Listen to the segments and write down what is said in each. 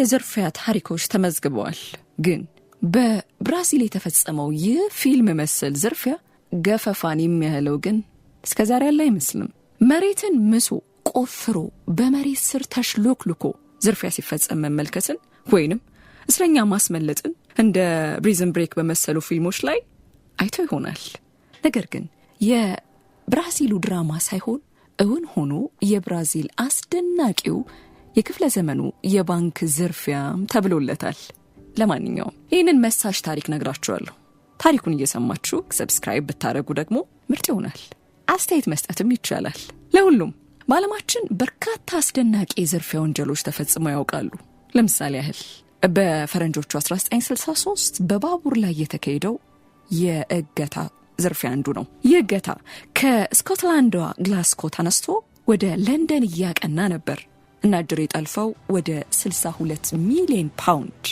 የዘርፊያ ታሪኮች ተመዝግበዋል። ግን በብራዚል የተፈጸመው ይህ ፊልም መሰል ዝርፊያ ገፈፋን የሚያህለው ግን እስከ ዛሬ ያለ አይመስልም። መሬትን ምሶ ቆፍሮ በመሬት ስር ተሽሎክልኮ ዝርፊያ ሲፈጸም መመልከትን ወይንም እስረኛ ማስመለጥን እንደ ፕሪዝን ብሬክ በመሰሉ ፊልሞች ላይ አይቶ ይሆናል። ነገር ግን የብራዚሉ ድራማ ሳይሆን እውን ሆኖ የብራዚል አስደናቂው የክፍለ ዘመኑ የባንክ ዝርፊያም ተብሎለታል። ለማንኛውም ይህንን መሳሽ ታሪክ ነግራችኋለሁ። ታሪኩን እየሰማችሁ ሰብስክራይብ ብታደረጉ ደግሞ ምርጥ ይሆናል። አስተያየት መስጠትም ይቻላል። ለሁሉም በዓለማችን በርካታ አስደናቂ የዝርፊያ ወንጀሎች ተፈጽመው ያውቃሉ። ለምሳሌ ያህል በፈረንጆቹ 1963 በባቡር ላይ የተካሄደው የእገታ ዝርፊያ አንዱ ነው። ይህ እገታ ከስኮትላንዷ ግላስኮ ተነስቶ ወደ ለንደን እያቀና ነበር። እና ድሬ ጠልፈው ወደ 62 ሚሊዮን ፓውንድ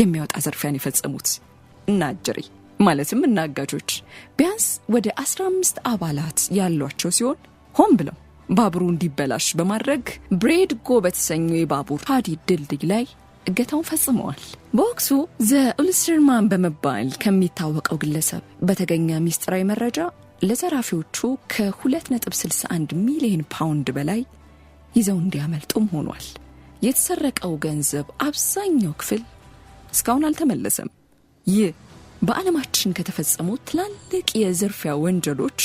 የሚያወጣ ዘርፊያን የፈጸሙት እና ድሬ ማለትም እና አጋጆች ቢያንስ ወደ 15 አባላት ያሏቸው ሲሆን ሆን ብለው ባቡሩ እንዲበላሽ በማድረግ ብሬድ ጎ በተሰኘው የባቡር ሀዲድ ድልድይ ላይ እገታውን ፈጽመዋል። በወቅቱ ዘ ኡልስርማን በመባል ከሚታወቀው ግለሰብ በተገኘ ሚስጥራዊ መረጃ ለዘራፊዎቹ ከ2.61 ሚሊዮን ፓውንድ በላይ ይዘው እንዲያመልጡም ሆኗል። የተሰረቀው ገንዘብ አብዛኛው ክፍል እስካሁን አልተመለሰም። ይህ በዓለማችን ከተፈጸሙ ትላልቅ የዝርፊያ ወንጀሎች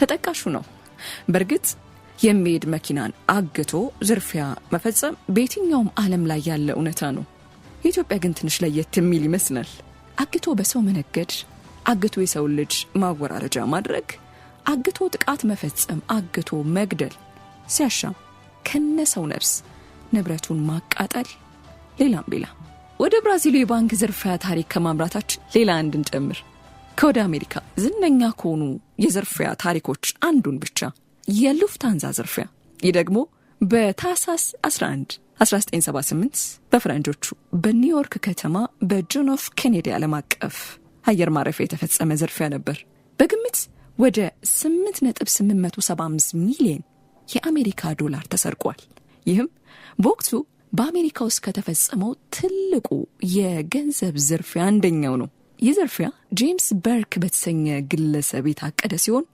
ተጠቃሹ ነው። በእርግጥ የሚሄድ መኪናን አግቶ ዝርፊያ መፈጸም በየትኛውም ዓለም ላይ ያለ እውነታ ነው። የኢትዮጵያ ግን ትንሽ ለየት የሚል ይመስላል። አግቶ በሰው መነገድ፣ አግቶ የሰው ልጅ ማወራረጃ ማድረግ፣ አግቶ ጥቃት መፈጸም፣ አግቶ መግደል ሲያሻም ከነሰው ነፍስ ንብረቱን ማቃጠል ሌላም ሌላ። ወደ ብራዚሉ የባንክ ዝርፊያ ታሪክ ከማምራታችን ሌላ አንድን ጨምር። ከወደ አሜሪካ ዝነኛ ከሆኑ የዝርፊያ ታሪኮች አንዱን ብቻ የሉፍታንዛ ዝርፊያ። ይህ ደግሞ በታሳስ 11 1978 በፈረንጆቹ በኒውዮርክ ከተማ በጆን ኤፍ ኬኔዲ ዓለም አቀፍ አየር ማረፊያ የተፈጸመ ዝርፊያ ነበር። በግምት ወደ 8.875 ሚሊዮን የአሜሪካ ዶላር ተሰርቋል። ይህም በወቅቱ በአሜሪካ ውስጥ ከተፈጸመው ትልቁ የገንዘብ ዝርፊያ አንደኛው ነው። ይህ ዝርፊያ ጄምስ በርክ በተሰኘ ግለሰብ የታቀደ ሲሆን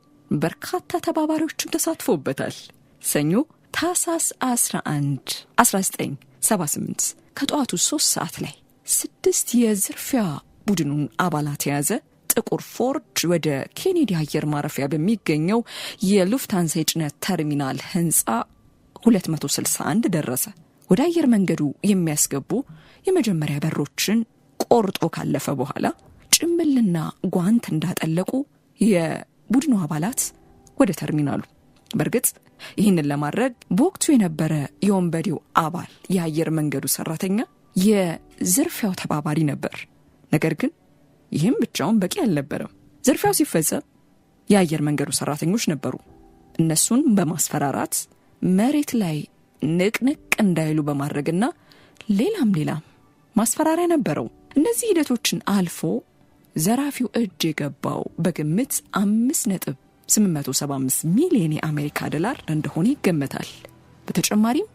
በርካታ ተባባሪዎችም ተሳትፎበታል። ሰኞ ታህሳስ 11 1978 ከጠዋቱ 3 ሰዓት ላይ ስድስት የዝርፊያ ቡድኑን አባላት የያዘ ጥቁር ፎርድ ወደ ኬኔዲ አየር ማረፊያ በሚገኘው የሉፍታንሳ የጭነት ተርሚናል ህንፃ 261 ደረሰ። ወደ አየር መንገዱ የሚያስገቡ የመጀመሪያ በሮችን ቆርጦ ካለፈ በኋላ ጭምብልና ጓንት እንዳጠለቁ የቡድኑ አባላት ወደ ተርሚናሉ። በእርግጥ ይህንን ለማድረግ በወቅቱ የነበረ የወንበዴው አባል የአየር መንገዱ ሰራተኛ የዝርፊያው ተባባሪ ነበር። ነገር ግን ይህም ብቻውን በቂ አልነበረም። ዝርፊያው ሲፈጸም የአየር መንገዱ ሰራተኞች ነበሩ። እነሱን በማስፈራራት መሬት ላይ ንቅንቅ እንዳይሉ በማድረግና ሌላም ሌላም ማስፈራሪያ ነበረው። እነዚህ ሂደቶችን አልፎ ዘራፊው እጅ የገባው በግምት 5.875 ሚሊዮን የአሜሪካ ዶላር እንደሆነ ይገመታል። በተጨማሪም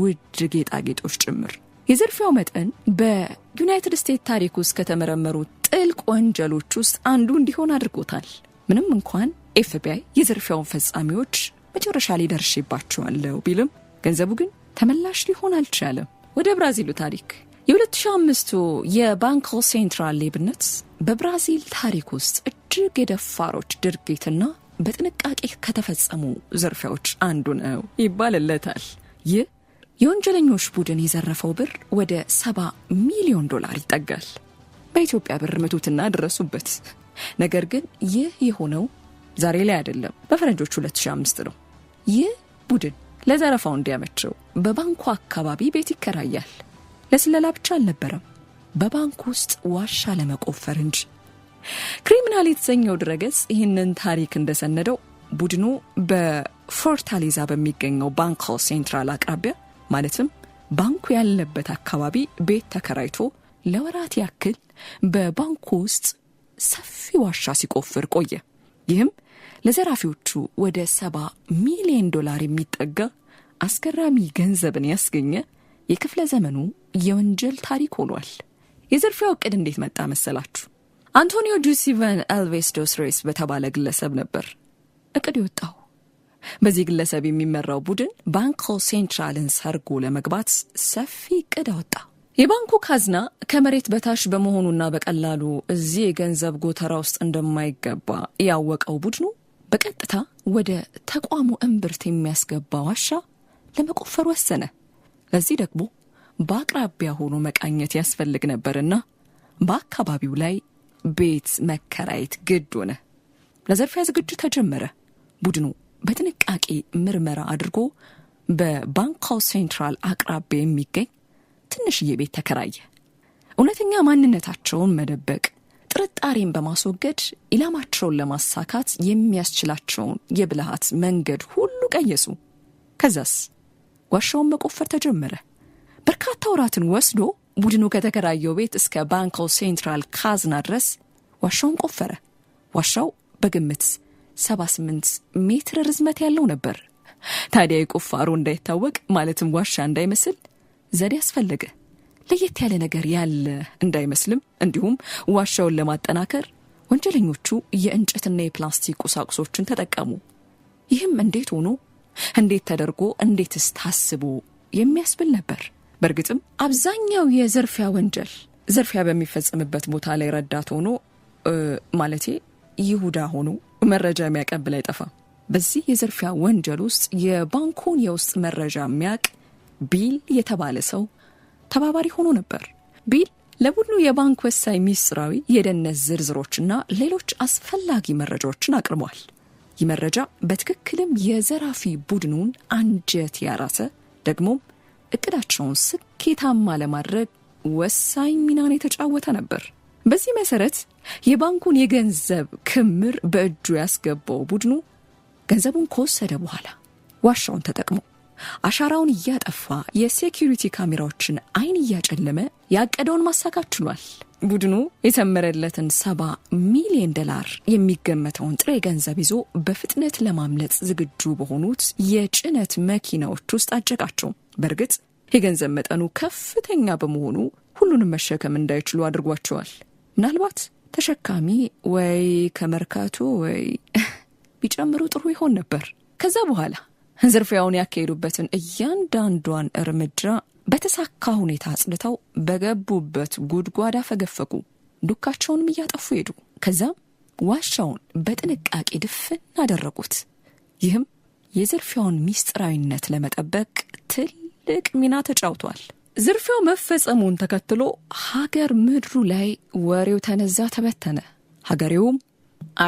ውድ ጌጣጌጦች ጭምር። የዘርፊያው መጠን በዩናይትድ ስቴትስ ታሪክ ውስጥ ከተመረመሩ ጥልቅ ወንጀሎች ውስጥ አንዱ እንዲሆን አድርጎታል። ምንም እንኳን ኤፍቢአይ የዝርፊያውን ፈጻሚዎች መጨረሻ ላይ ደርሼባቸዋለሁ ቢልም ገንዘቡ ግን ተመላሽ ሊሆን አልቻለም። ወደ ብራዚሉ ታሪክ የ2005ቱ የባንኮ ሴንትራል ሌብነት በብራዚል ታሪክ ውስጥ እጅግ የደፋሮች ድርጊትና በጥንቃቄ ከተፈጸሙ ዝርፊያዎች አንዱ ነው ይባልለታል። ይህ የወንጀለኞች ቡድን የዘረፈው ብር ወደ ሰባ ሚሊዮን ዶላር ይጠጋል። በኢትዮጵያ ብር መቱትና ደረሱበት። ነገር ግን ይህ የሆነው ዛሬ ላይ አይደለም፣ በፈረንጆች 2005 ነው። ይህ ቡድን ለዘረፋው እንዲያመቸው በባንኩ አካባቢ ቤት ይከራያል። ለስለላ ብቻ አልነበረም፣ በባንኩ ውስጥ ዋሻ ለመቆፈር እንጂ። ክሪሚናል የተሰኘው ድረገጽ ይህንን ታሪክ እንደሰነደው ቡድኑ በፎርታሌዛ በሚገኘው ባንክ ሴንትራል አቅራቢያ ማለትም ባንኩ ያለበት አካባቢ ቤት ተከራይቶ ለወራት ያክል በባንኩ ውስጥ ሰፊ ዋሻ ሲቆፍር ቆየ። ይህም ለዘራፊዎቹ ወደ ሰባ ሚሊዮን ዶላር የሚጠጋ አስገራሚ ገንዘብን ያስገኘ የክፍለ ዘመኑ የወንጀል ታሪክ ሆኗል። የዝርፊያው እቅድ እንዴት መጣ መሰላችሁ? አንቶኒዮ ጁሲቨን አልቬስ ዶስ ሬስ በተባለ ግለሰብ ነበር እቅድ የወጣው። በዚህ ግለሰብ የሚመራው ቡድን ባንኮ ሴንትራልን ሰርጎ ለመግባት ሰፊ እቅድ አወጣ። የባንኩ ካዝና ከመሬት በታች በመሆኑና በቀላሉ እዚህ የገንዘብ ጎተራ ውስጥ እንደማይገባ ያወቀው ቡድኑ በቀጥታ ወደ ተቋሙ እምብርት የሚያስገባ ዋሻ ለመቆፈር ወሰነ። ለዚህ ደግሞ በአቅራቢያ ሆኖ መቃኘት ያስፈልግ ነበርና በአካባቢው ላይ ቤት መከራየት ግድ ሆነ። ለዘርፊያ ዝግጁ ተጀመረ። ቡድኑ በጥንቃቄ ምርመራ አድርጎ በባንካው ሴንትራል አቅራቢያ የሚገኝ ትንሽዬ ቤት ተከራየ። እውነተኛ ማንነታቸውን መደበቅ፣ ጥርጣሬን በማስወገድ ኢላማቸውን ለማሳካት የሚያስችላቸውን የብልሃት መንገድ ሁሉ ቀየሱ። ከዛስ ዋሻውን መቆፈር ተጀመረ። በርካታ ወራትን ወስዶ ቡድኑ ከተከራየው ቤት እስከ ባንኮ ሴንትራል ካዝና ድረስ ዋሻውን ቆፈረ። ዋሻው በግምት 78 ሜትር ርዝመት ያለው ነበር። ታዲያ የቁፋሮ እንዳይታወቅ ማለትም ዋሻ እንዳይመስል ዘዴ አስፈለገ። ለየት ያለ ነገር ያለ እንዳይመስልም፣ እንዲሁም ዋሻውን ለማጠናከር ወንጀለኞቹ የእንጨትና የፕላስቲክ ቁሳቁሶችን ተጠቀሙ። ይህም እንዴት ሆኖ እንዴት ተደርጎ እንዴትስ ታስቦ የሚያስብል ነበር። በእርግጥም አብዛኛው የዝርፊያ ወንጀል ዝርፊያ በሚፈጸምበት ቦታ ላይ ረዳት ሆኖ ማለቴ ይሁዳ ሆኖ መረጃ የሚያቀብል አይጠፋም። በዚህ የዝርፊያ ወንጀል ውስጥ የባንኩን የውስጥ መረጃ የሚያቅ ቢል የተባለ ሰው ተባባሪ ሆኖ ነበር። ቢል ለቡድኑ የባንክ ወሳኝ ሚስጥራዊ የደህንነት ዝርዝሮችና ሌሎች አስፈላጊ መረጃዎችን አቅርቧል። ይህ መረጃ በትክክልም የዘራፊ ቡድኑን አንጀት ያራሰ ደግሞም እቅዳቸውን ስኬታማ ለማድረግ ወሳኝ ሚናን የተጫወተ ነበር። በዚህ መሰረት የባንኩን የገንዘብ ክምር በእጁ ያስገባው ቡድኑ ገንዘቡን ከወሰደ በኋላ ዋሻውን ተጠቅሞ አሻራውን እያጠፋ የሴኪሪቲ ካሜራዎችን አይን እያጨለመ ያቀደውን ማሳካት ችሏል። ቡድኑ የተመረለትን ሰባ ሚሊዮን ዶላር የሚገመተውን ጥሬ ገንዘብ ይዞ በፍጥነት ለማምለጥ ዝግጁ በሆኑት የጭነት መኪናዎች ውስጥ አጀቃቸው። በእርግጥ የገንዘብ መጠኑ ከፍተኛ በመሆኑ ሁሉንም መሸከም እንዳይችሉ አድርጓቸዋል። ምናልባት ተሸካሚ ወይ ከመርካቶ ወይ ቢጨምሩ ጥሩ ይሆን ነበር። ከዛ በኋላ ዝርፊያውን ያካሄዱበትን እያንዳንዷን እርምጃ በተሳካ ሁኔታ አጽድተው በገቡበት ጉድጓዳ ፈገፈጉ። ዱካቸውንም እያጠፉ ሄዱ። ከዛም ዋሻውን በጥንቃቄ ድፍን አደረጉት። ይህም የዝርፊያውን ሚስጥራዊነት ለመጠበቅ ትልቅ ሚና ተጫውቷል። ዝርፊያው መፈጸሙን ተከትሎ ሀገር ምድሩ ላይ ወሬው ተነዛ፣ ተበተነ። ሀገሬውም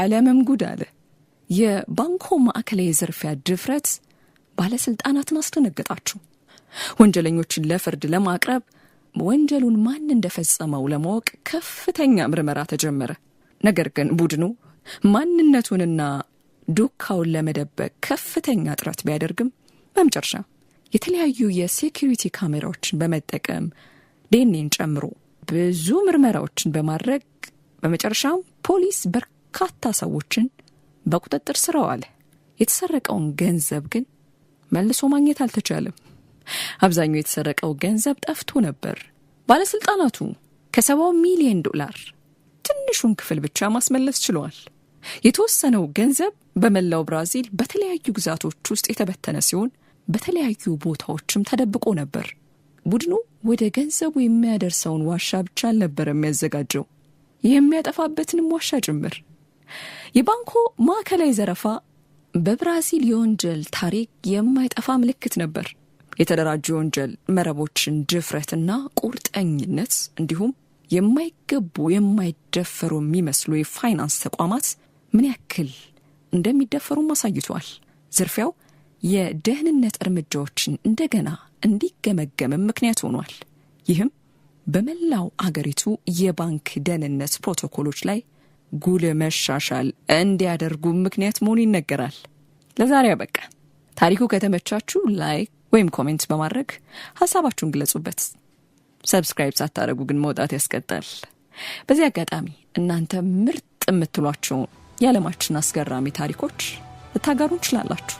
ዓለምም ጉድ አለ። የባንኮ ማዕከላዊ የዝርፊያ ድፍረት ባለስልጣናትን አስደነገጣችሁ። ወንጀለኞችን ለፍርድ ለማቅረብ ወንጀሉን ማን እንደፈጸመው ለማወቅ ከፍተኛ ምርመራ ተጀመረ። ነገር ግን ቡድኑ ማንነቱንና ዱካውን ለመደበቅ ከፍተኛ ጥረት ቢያደርግም በመጨረሻ የተለያዩ የሴኪሪቲ ካሜራዎችን በመጠቀም ዴኔን ጨምሮ ብዙ ምርመራዎችን በማድረግ በመጨረሻም ፖሊስ በርካታ ሰዎችን በቁጥጥር ስር አዋለ። የተሰረቀውን ገንዘብ ግን መልሶ ማግኘት አልተቻለም። አብዛኛው የተሰረቀው ገንዘብ ጠፍቶ ነበር። ባለስልጣናቱ ከሰባው ሚሊዮን ዶላር ትንሹን ክፍል ብቻ ማስመለስ ችለዋል። የተወሰነው ገንዘብ በመላው ብራዚል በተለያዩ ግዛቶች ውስጥ የተበተነ ሲሆን በተለያዩ ቦታዎችም ተደብቆ ነበር። ቡድኑ ወደ ገንዘቡ የሚያደርሰውን ዋሻ ብቻ አልነበር የሚያዘጋጀው የሚያጠፋበትንም ዋሻ ጭምር። የባንኮ ማዕከላዊ ዘረፋ በብራዚል የወንጀል ታሪክ የማይጠፋ ምልክት ነበር። የተደራጁ የወንጀል መረቦችን ድፍረትና ቁርጠኝነት እንዲሁም የማይገቡ የማይደፈሩ የሚመስሉ የፋይናንስ ተቋማት ምን ያክል እንደሚደፈሩም አሳይቷል። ዝርፊያው የደህንነት እርምጃዎችን እንደገና እንዲገመገምም ምክንያት ሆኗል። ይህም በመላው አገሪቱ የባንክ ደህንነት ፕሮቶኮሎች ላይ ጉል መሻሻል እንዲያደርጉ ምክንያት መሆኑ ይነገራል። ለዛሬ በቃ። ታሪኩ ከተመቻችሁ ላይክ ወይም ኮሜንት በማድረግ ሀሳባችሁን ግለጹበት። ሰብስክራይብ ሳታደረጉ ግን መውጣት ያስቀጣል። በዚህ አጋጣሚ እናንተ ምርጥ የምትሏቸውን የዓለማችን አስገራሚ ታሪኮች ልታጋሩ እንችላላችሁ።